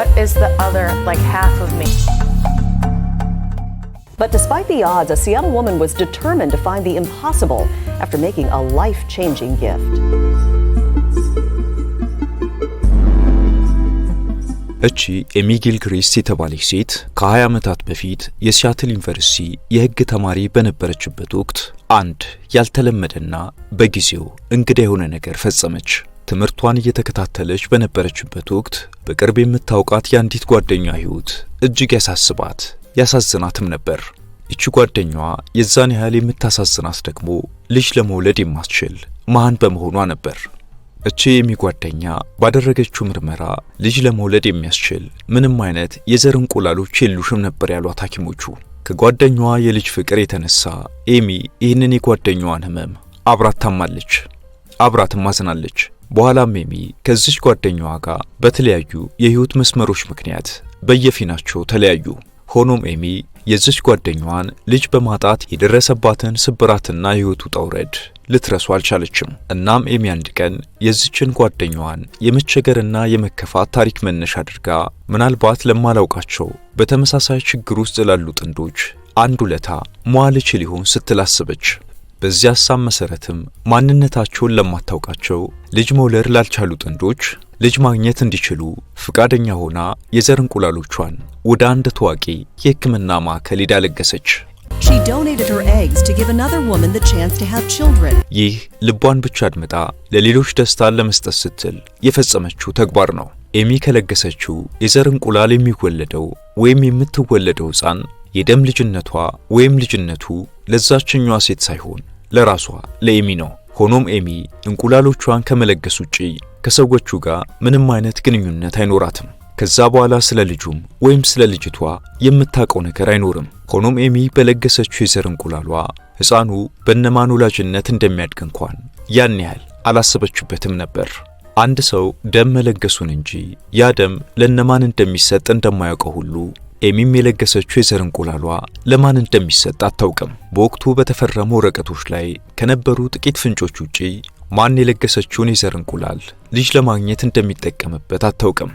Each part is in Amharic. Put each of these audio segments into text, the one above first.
what is the other, like half of me? But despite the odds, a Seattle woman was determined to find the impossible after making a life changing gift. እቺ የሚጊል ግሬስ የተባለች ሴት ከ20 ዓመታት በፊት የሲያትል ዩኒቨርሲቲ የሕግ ተማሪ በነበረችበት ወቅት አንድ ያልተለመደና በጊዜው እንግዳ የሆነ ነገር ፈጸመች። ትምህርቷን እየተከታተለች በነበረችበት ወቅት በቅርብ የምታውቃት የአንዲት ጓደኛ ሕይወት እጅግ ያሳስባት ያሳዝናትም ነበር። ይቺ ጓደኛዋ የዛን ያህል የምታሳዝናት ደግሞ ልጅ ለመውለድ የማትችል መሃን በመሆኗ ነበር። እቺ የሚጓደኛ ባደረገችው ምርመራ ልጅ ለመውለድ የሚያስችል ምንም አይነት የዘር እንቁላሎች የሉሽም ነበር ያሏት ሐኪሞቹ። ከጓደኛዋ የልጅ ፍቅር የተነሳ ኤሚ ይህንን የጓደኛዋን ህመም አብራት ታማለች፣ አብራትም አዝናለች። በኋላም ኤሚ ከዚች ጓደኛዋ ጋር በተለያዩ የህይወት መስመሮች ምክንያት በየፊናቸው ተለያዩ። ሆኖም ኤሚ የዚች ጓደኛዋን ልጅ በማጣት የደረሰባትን ስብራትና የህይወቱ ጠውረድ ልትረሱ አልቻለችም። እናም ኤሚ አንድ ቀን የዚችን ጓደኛዋን የመቸገርና የመከፋት ታሪክ መነሻ አድርጋ ምናልባት ለማላውቃቸው በተመሳሳይ ችግር ውስጥ ላሉ ጥንዶች አንድ ውለታ መዋል እችል ይሆን ስትል አስበች። በዚህ ሀሳብ መሰረትም ማንነታቸውን ለማታውቃቸው ልጅ መውለድ ላልቻሉ ጥንዶች ልጅ ማግኘት እንዲችሉ ፍቃደኛ ሆና የዘር እንቁላሎቿን ወደ አንድ ታዋቂ የሕክምና ማዕከል ሄዳለገሰች። ይህ ልቧን ብቻ አድምጣ ለሌሎች ደስታን ለመስጠት ስትል የፈጸመችው ተግባር ነው። ኤሚ ከለገሰችው የዘር እንቁላል የሚወለደው ወይም የምትወለደው ሕፃን የደም ልጅነቷ ወይም ልጅነቱ ለዛችኛዋ ሴት ሳይሆን ለራሷ ለኤሚ ነው። ሆኖም ኤሚ እንቁላሎቿን ከመለገስ ውጪ ከሰዎቹ ጋር ምንም አይነት ግንኙነት አይኖራትም። ከዛ በኋላ ስለ ልጁም ወይም ስለ ልጅቷ የምታውቀው ነገር አይኖርም። ሆኖም ኤሚ በለገሰችው የዘር እንቁላሏ ሕፃኑ በነማን ወላጅነት እንደሚያድግ እንኳን ያን ያህል አላሰበችበትም ነበር። አንድ ሰው ደም መለገሱን እንጂ ያ ደም ለነማን እንደሚሰጥ እንደማያውቀው ሁሉ ኤሚም የለገሰችው የዘር እንቁላሏ ለማን እንደሚሰጥ አታውቅም። በወቅቱ በተፈረሙ ወረቀቶች ላይ ከነበሩ ጥቂት ፍንጮች ውጪ ማን የለገሰችውን የዘር እንቁላል ልጅ ለማግኘት እንደሚጠቀምበት አታውቅም።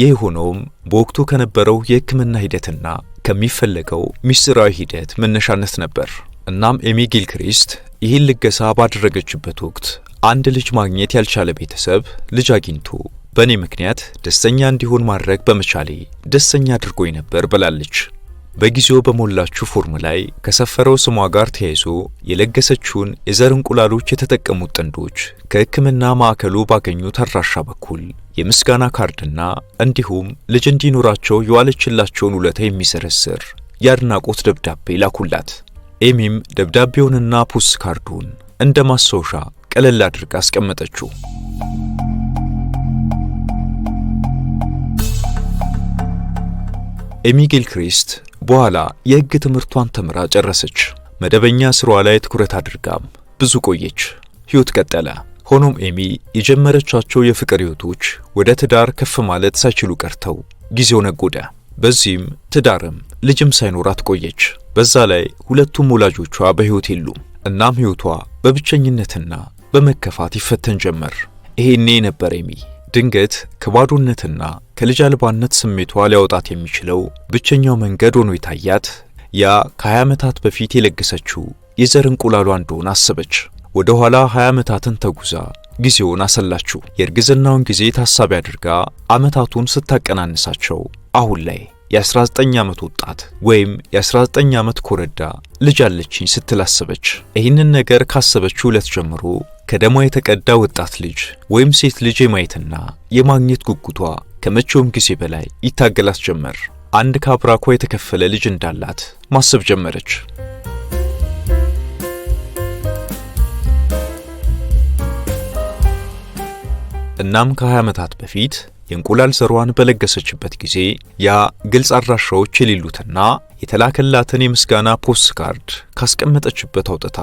ይህ የሆነውም በወቅቱ ከነበረው የሕክምና ሂደትና ከሚፈለገው ምስጢራዊ ሂደት መነሻነት ነበር። እናም ኤሚ ጊልክሪስት ይህን ልገሳ ባደረገችበት ወቅት አንድ ልጅ ማግኘት ያልቻለ ቤተሰብ ልጅ አግኝቶ በእኔ ምክንያት ደስተኛ እንዲሆን ማድረግ በመቻሌ ደስተኛ አድርጎኝ ነበር ብላለች። በጊዜው በሞላችው ፎርም ላይ ከሰፈረው ስሟ ጋር ተያይዞ የለገሰችውን የዘር እንቁላሎች የተጠቀሙት ጥንዶች ከሕክምና ማዕከሉ ባገኙት አድራሻ በኩል የምስጋና ካርድና እንዲሁም ልጅ እንዲኖራቸው የዋለችላቸውን ውለታ የሚሰረስር የአድናቆት ደብዳቤ ላኩላት። ኤሚም ደብዳቤውንና ፖስት ካርዱን እንደ ማስታወሻ ቀለል አድርጋ አስቀመጠችው። የሚጌል ክሪስት በኋላ የሕግ ትምህርቷን ተምራ ጨረሰች። መደበኛ ስሯ ላይ ትኩረት አድርጋም ብዙ ቆየች። ሕይወት ቀጠለ። ሆኖም ኤሚ የጀመረቻቸው የፍቅር ሕይወቶች ወደ ትዳር ከፍ ማለት ሳይችሉ ቀርተው ጊዜው ነጎደ። በዚህም ትዳርም ልጅም ሳይኖራት ቆየች። በዛ ላይ ሁለቱም ወላጆቿ በሕይወት የሉም። እናም ሕይወቷ በብቸኝነትና በመከፋት ይፈተን ጀመር። ይሄኔ ነበር ኤሚ ድንገት ከባዶነትና ከልጅ አልባነት ስሜቷ ሊያወጣት የሚችለው ብቸኛው መንገድ ሆኖ የታያት ያ ከ20 ዓመታት በፊት የለገሰችው የዘር እንቁላሏ እንደሆነ አሰበች። ወደ ኋላ 20 ዓመታትን ተጉዛ ጊዜውን አሰላችው። የእርግዝናውን ጊዜ ታሳቢ አድርጋ ዓመታቱን ስታቀናንሳቸው አሁን ላይ የ19 ዓመት ወጣት ወይም የ19 ዓመት ኮረዳ ልጅ አለችኝ ስትል አሰበች። ይህንን ነገር ካሰበችው ዕለት ጀምሮ ከደሟ የተቀዳ ወጣት ልጅ ወይም ሴት ልጅ የማየትና የማግኘት ጉጉቷ ከመቼውም ጊዜ በላይ ይታገላት ጀመር። አንድ ከአብራኳ የተከፈለ ልጅ እንዳላት ማሰብ ጀመረች። እናም ከ20 ዓመታት በፊት የእንቁላል ዘሯን በለገሰችበት ጊዜ ያ ግልጽ አድራሻዎች የሌሉትና የተላከላትን የምስጋና ፖስት ካርድ ካስቀመጠችበት አውጥታ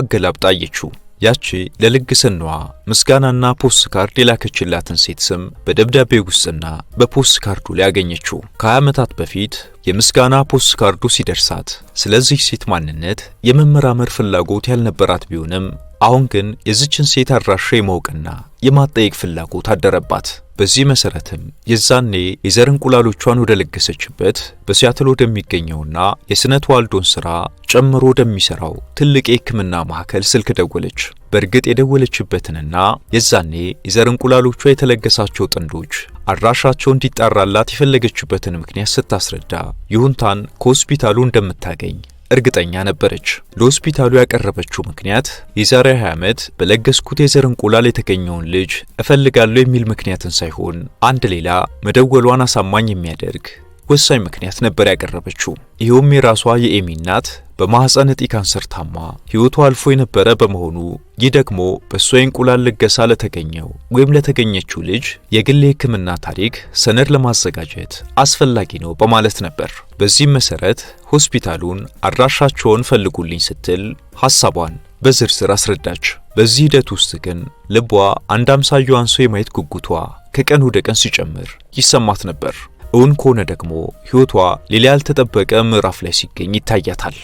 አገላብጣ አየችው። ያቺ ለልግስናዋ ምስጋናና ፖስት ካርድ የላከችላትን ሴት ስም በደብዳቤ ውስጥና በፖስት ካርዱ ላይ አገኘችው ከ ከ20 ዓመታት በፊት የምስጋና ፖስት ካርዱ ሲደርሳት ስለዚህ ሴት ማንነት የመመራመር ፍላጎት ያልነበራት ቢሆንም አሁን ግን የዚችን ሴት አድራሻ የማወቅና የማጠየቅ ፍላጎት አደረባት። በዚህ መሰረትም የዛኔ የዘር እንቁላሎቿን ወደ ለገሰችበት በሲያትል ወደሚገኘውና የስነ ተዋልዶን ስራ ጨምሮ ወደሚሰራው ትልቅ የሕክምና ማዕከል ስልክ ደወለች። በእርግጥ የደወለችበትንና የዛኔ የዘር እንቁላሎቿ የተለገሳቸው ጥንዶች አድራሻቸው እንዲጣራላት የፈለገችበትን ምክንያት ስታስረዳ ይሁንታን ከሆስፒታሉ እንደምታገኝ እርግጠኛ ነበረች። ለሆስፒታሉ ያቀረበችው ምክንያት የዛሬ 20 ዓመት በለገስኩት የዘር እንቁላል የተገኘውን ልጅ እፈልጋለሁ የሚል ምክንያትን ሳይሆን አንድ ሌላ መደወሏን አሳማኝ የሚያደርግ ወሳኝ ምክንያት ነበር ያቀረበችው። ይኸውም የራሷ የኤሚ እናት በማህፀን እጢ ካንሰር ታማ ህይወቱ አልፎ የነበረ በመሆኑ ይህ ደግሞ በእሷ የእንቁላል ልገሳ ለተገኘው ወይም ለተገኘችው ልጅ የግል የሕክምና ታሪክ ሰነድ ለማዘጋጀት አስፈላጊ ነው በማለት ነበር። በዚህም መሰረት ሆስፒታሉን አድራሻቸውን ፈልጉልኝ ስትል ሐሳቧን በዝርዝር አስረዳች። በዚህ ሂደት ውስጥ ግን ልቧ አንድ አምሳያዋን ሰው የማየት ጉጉቷ ከቀን ወደ ቀን ሲጨምር ይሰማት ነበር። እውን ከሆነ ደግሞ ሕይወቷ ሌላ ያልተጠበቀ ምዕራፍ ላይ ሲገኝ ይታያታል።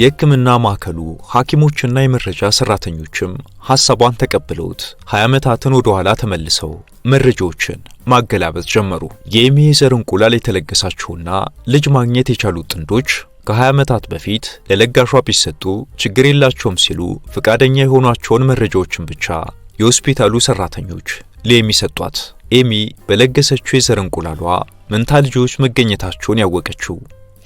የሕክምና ማዕከሉ ሐኪሞችና የመረጃ ሠራተኞችም ሐሳቧን ተቀብለውት 20 ዓመታትን ወደ ኋላ ተመልሰው መረጃዎችን ማገላበጥ ጀመሩ። የሜ ዘር እንቁላል የተለገሳቸውና ልጅ ማግኘት የቻሉት ጥንዶች ከ20 ዓመታት በፊት ለለጋሿ ቢሰጡ ችግር የላቸውም ሲሉ ፈቃደኛ የሆኗቸውን መረጃዎችን ብቻ የሆስፒታሉ ሰራተኞች ለኤሚ ሰጧት። ኤሚ በለገሰችው የዘር እንቁላሏ መንታ ልጆች መገኘታቸውን ያወቀችው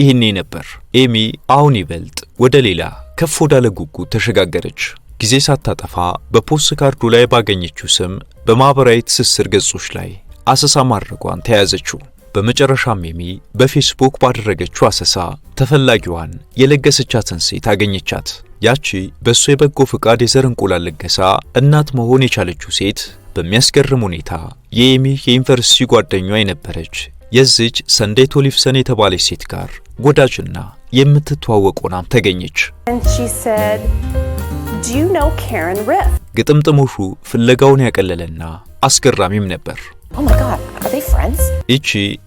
ይህኔ ነበር። ኤሚ አሁን ይበልጥ ወደ ሌላ ከፍ ወዳለ ጉጉት ተሸጋገረች። ጊዜ ሳታጠፋ በፖስት ካርዱ ላይ ባገኘችው ስም በማኅበራዊ ትስስር ገጾች ላይ አሰሳ ማድረጓን ተያያዘችው። በመጨረሻም ሚሚ በፌስቡክ ባደረገችው አሰሳ ተፈላጊዋን የለገሰቻትን ሴት አገኘቻት። ያቺ በእሱ የበጎ ፍቃድ የዘር እንቁላል ልገሳ እናት መሆን የቻለችው ሴት በሚያስገርም ሁኔታ የኤሚ የዩኒቨርሲቲ ጓደኛዋ የነበረች የዚች ሰንዴት ኦሊፍሰን የተባለች ሴት ጋር ወዳጅና የምትተዋወቅ ሆናም ተገኘች። ግጥምጥሞሹ ፍለጋውን ያቀለለና አስገራሚም ነበር። Oh ይቺ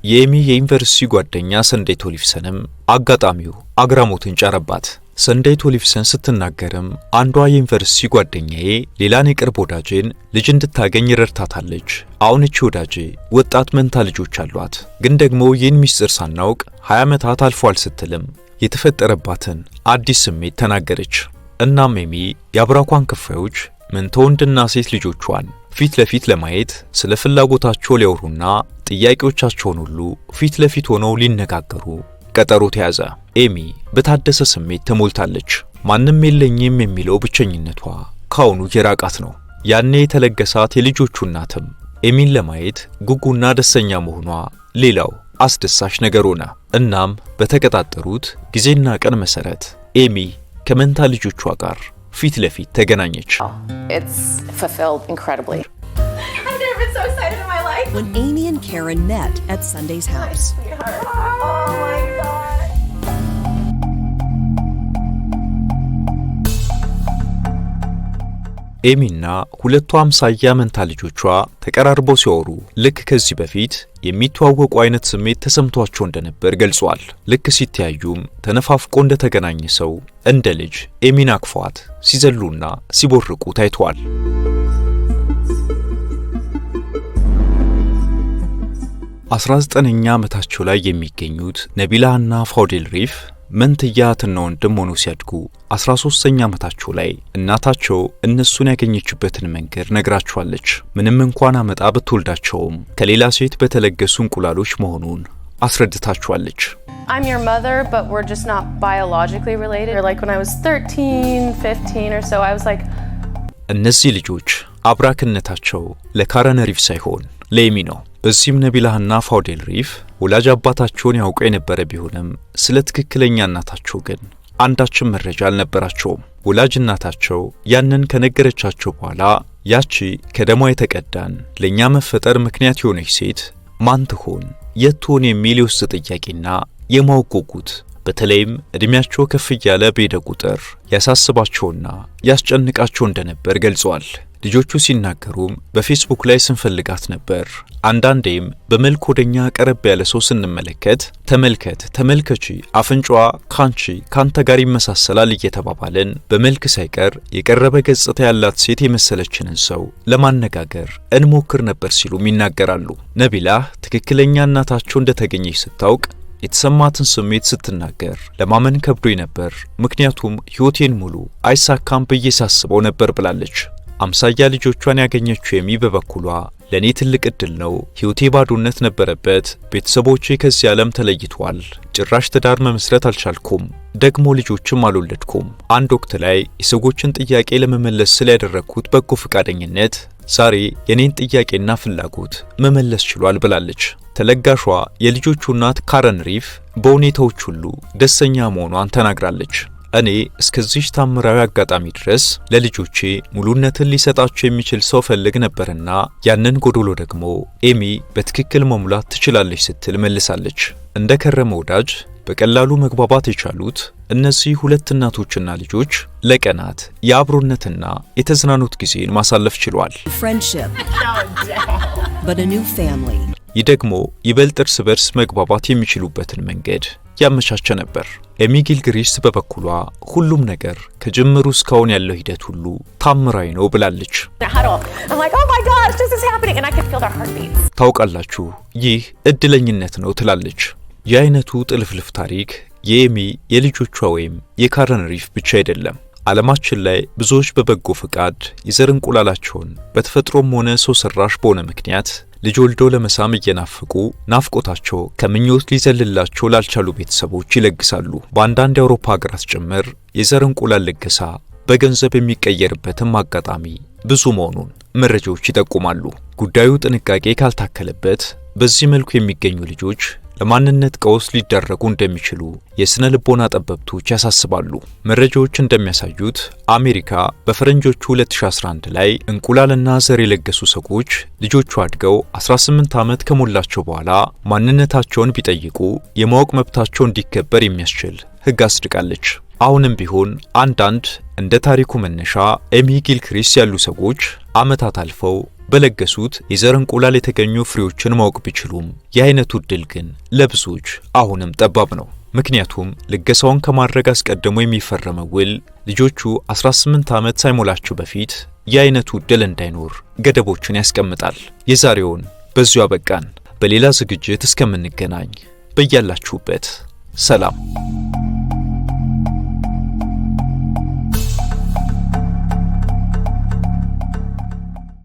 የኤሚ የዩኒቨርሲቲ ጓደኛ ሰንዴ ቶሊፍሰንም አጋጣሚው አግራሞትን ጨረባት። ሰንዴ ቶሊፍሰን ስትናገርም አንዷ የዩኒቨርሲቲ ጓደኛዬ ሌላን የቅርብ ወዳጄን ልጅ እንድታገኝ ረድታታለች። አሁን እቺ ወዳጄ ወጣት መንታ ልጆች አሏት። ግን ደግሞ ይህን ሚስጥር ሳናውቅ 20 ዓመታት አልፏል ስትልም የተፈጠረባትን አዲስ ስሜት ተናገረች። እናም ኤሚ የአብራኳን ክፋዮች ምንተ ወንድና ሴት ልጆቿን ፊት ለፊት ለማየት ስለ ፍላጎታቸው ሊያወሩና ጥያቄዎቻቸውን ሁሉ ፊት ለፊት ሆነው ሊነጋገሩ ቀጠሮ ተያዘ። ኤሚ በታደሰ ስሜት ተሞልታለች። ማንም የለኝም የሚለው ብቸኝነቷ ካሁኑ የራቃት ነው። ያኔ የተለገሳት የልጆቹ እናትም ኤሚን ለማየት ጉጉና ደስተኛ መሆኗ ሌላው አስደሳች ነገር ሆነ። እናም በተቀጣጠሩት ጊዜና ቀን መሰረት ኤሚ ከመንታ ልጆቿ ጋር ፊት ለፊት ተገናኘች። When Amy and Karen met at Sunday's house. ኤሚና ሁለቱ አምሳያ መንታ ልጆቿ ተቀራርበው ሲያወሩ ልክ ከዚህ በፊት የሚተዋወቁ አይነት ስሜት ተሰምቷቸው እንደነበር ገልጿል። ልክ ሲተያዩም ተነፋፍቆ እንደተገናኘ ሰው እንደ ልጅ ኤሚን አቅፏት ሲዘሉና ሲቦርቁ ታይቷል። አስራ ዘጠነኛ ዓመታቸው ላይ የሚገኙት ነቢላና ፋውዴል ሪፍ መንትያ እህትና ወንድም ሆነው ሲያድጉ 13ኛ ዓመታቸው ላይ እናታቸው እነሱን ያገኘችበትን መንገድ ነግራቸዋለች። ምንም እንኳን አመጣ ብትወልዳቸውም ከሌላ ሴት በተለገሱ እንቁላሎች መሆኑን አስረድታቸዋለች። I'm your mother, but we're just not biologically related. Or Like when I was 13, 15 or so, I was like እነዚህ ልጆች አብራክነታቸው ለካረን ሪፍ ሳይሆን ለኤሚ ነው። እዚህም ነቢላህና ፋውዴል ሪፍ ወላጅ አባታቸውን ያውቀ የነበረ ቢሆንም ስለ ትክክለኛ እናታቸው ግን አንዳችም መረጃ አልነበራቸውም። ወላጅ እናታቸው ያንን ከነገረቻቸው በኋላ ያቺ ከደሟ የተቀዳን ለእኛ መፈጠር ምክንያት የሆነች ሴት ማን ትሆን፣ የት ትሆን የሚል የውስጥ ጥያቄና የማወቅ ጉጉት በተለይም ዕድሜያቸው ከፍ እያለ በሄደ ቁጥር ያሳስባቸውና ያስጨንቃቸው እንደነበር ገልጸዋል። ልጆቹ ሲናገሩም በፌስቡክ ላይ ስንፈልጋት ነበር። አንዳንዴም በመልክ ወደኛ ቀረብ ያለ ሰው ስንመለከት ተመልከት፣ ተመልከቺ፣ አፍንጫዋ ካንቺ ካንተ ጋር ይመሳሰላል እየተባባልን በመልክ ሳይቀር የቀረበ ገጽታ ያላት ሴት የመሰለችንን ሰው ለማነጋገር እንሞክር ነበር ሲሉም ይናገራሉ። ነቢላህ ትክክለኛ እናታቸው እንደተገኘች ስታውቅ የተሰማትን ስሜት ስትናገር ለማመን ከብዶኝ ነበር፣ ምክንያቱም ሕይወቴን ሙሉ አይሳካም ብዬ ሳስበው ነበር ብላለች። አምሳያ ልጆቿን ያገኘችው የሚ በበኩሏ ለእኔ ትልቅ ዕድል ነው። ሕይወቴ ባዶነት ነበረበት። ቤተሰቦቼ ከዚህ ዓለም ተለይቷል። ጭራሽ ትዳር መመስረት አልቻልኩም፣ ደግሞ ልጆችም አልወለድኩም። አንድ ወቅት ላይ የሰዎችን ጥያቄ ለመመለስ ስል ያደረግኩት በጎ ፈቃደኝነት ዛሬ የኔን ጥያቄና ፍላጎት መመለስ ችሏል ብላለች። ተለጋሿ የልጆቹ እናት ካረን ሪፍ በሁኔታዎች ሁሉ ደስተኛ መሆኗን ተናግራለች። እኔ እስከዚህ ታምራዊ አጋጣሚ ድረስ ለልጆቼ ሙሉነትን ሊሰጣቸው የሚችል ሰው ፈልግ ነበርና ያንን ጎዶሎ ደግሞ ኤሚ በትክክል መሙላት ትችላለች ስትል መልሳለች። እንደ ከረመ ወዳጅ በቀላሉ መግባባት የቻሉት እነዚህ ሁለት እናቶችና ልጆች ለቀናት የአብሮነትና የተዝናኖት ጊዜን ማሳለፍ ችሏል። ይህ ደግሞ ይበልጥ እርስ በርስ መግባባት የሚችሉበትን መንገድ ያመቻቸ ነበር። ኤሚጊል ግሪስ በበኩሏ ሁሉም ነገር ከጅምሩ እስካሁን ያለው ሂደት ሁሉ ታምራዊ ነው ብላለች። ታውቃላችሁ፣ ይህ እድለኝነት ነው ትላለች። የአይነቱ ጥልፍልፍ ታሪክ የኤሚ የልጆቿ ወይም የካረን ሪፍ ብቻ አይደለም። ዓለማችን ላይ ብዙዎች በበጎ ፈቃድ የዘር እንቁላላቸውን በተፈጥሮም ሆነ ሰው ሰራሽ በሆነ ምክንያት ልጅ ወልዶ ለመሳም እየናፈቁ ናፍቆታቸው ከምኞት ሊዘልላቸው ላልቻሉ ቤተሰቦች ይለግሳሉ። በአንዳንድ የአውሮፓ ሀገራት ጭምር የዘር እንቁላል ልገሳ በገንዘብ የሚቀየርበትም አጋጣሚ ብዙ መሆኑን መረጃዎች ይጠቁማሉ። ጉዳዩ ጥንቃቄ ካልታከለበት በዚህ መልኩ የሚገኙ ልጆች ለማንነት ቀውስ ሊደረጉ እንደሚችሉ የስነ ልቦና ጠበብቶች ያሳስባሉ። መረጃዎች እንደሚያሳዩት አሜሪካ በፈረንጆቹ 2011 ላይ እንቁላልና ዘር የለገሱ ሰዎች ልጆቹ አድገው 18 ዓመት ከሞላቸው በኋላ ማንነታቸውን ቢጠይቁ የማወቅ መብታቸው እንዲከበር የሚያስችል ሕግ አስድቃለች። አሁንም ቢሆን አንዳንድ እንደ ታሪኩ መነሻ ኤሚ ጊልክሪስ ያሉ ሰዎች ዓመታት አልፈው በለገሱት የዘር እንቁላል የተገኙ ፍሬዎችን ማወቅ ቢችሉም የአይነቱ እድል ግን ለብዙዎች አሁንም ጠባብ ነው። ምክንያቱም ልገሳውን ከማድረግ አስቀድሞ የሚፈረመው ውል ልጆቹ 18 ዓመት ሳይሞላቸው በፊት የአይነቱ እድል እንዳይኖር ገደቦችን ያስቀምጣል። የዛሬውን በዚሁ አበቃን። በሌላ ዝግጅት እስከምንገናኝ በያላችሁበት ሰላም